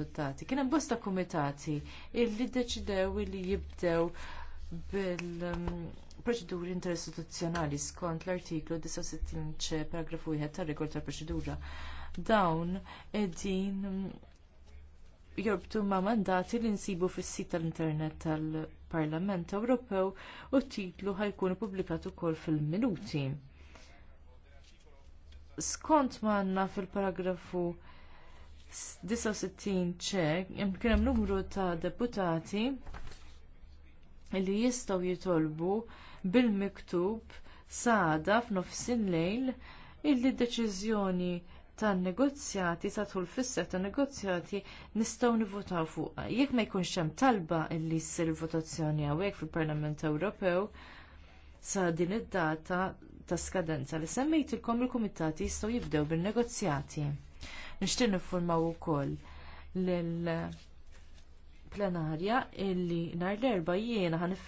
adottati. Kien hemm bosta kumitati illi deċidew illi jibdew bil-proċeduri interistituzzjonali skont l-artiklu 69 ċe paragrafu 1 tar-regol tal-proċedura. Dawn qegħdin jorbtu ma' mandati li nsibu fis-sit tal-Internet tal-Parlament Ewropew u t titlu ħajkun ippubblikat ukoll fil-minuti. Skont ma' għandna fil-paragrafu 69 ċek, kien hemm numru ta' deputati li jistgħu jitolbu bil-miktub sada f'nofsin lejl illi d-deċiżjoni tan-negozjati sa fis-seħħ tan-negozjati nistgħu nivvotaw fuqha. Jekk ma jkunx hemm talba li ssir votazzjoni hawnhekk fil-Parlament Ewropew sa din id-data ta' skadenza li semmejtilkom il-kumitati jistgħu jibdew bin-negozjati. Nixtieq niffurmaw ukoll lill plenarja illi nhar l-erba' jiena ħan